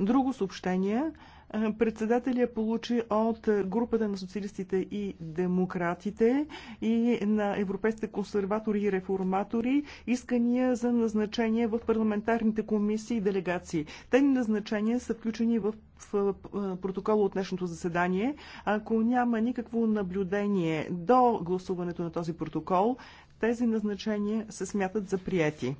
Друго съобщение. Е, председателя получи от групата на социалистите и демократите и на европейските консерватори и реформатори искания за назначение в парламентарните комисии и делегации. Те назначения са включени в е, протокола от днешното заседание. Ако няма никакво наблюдение до гласуването на този протокол, тези назначения се смятат за прияти.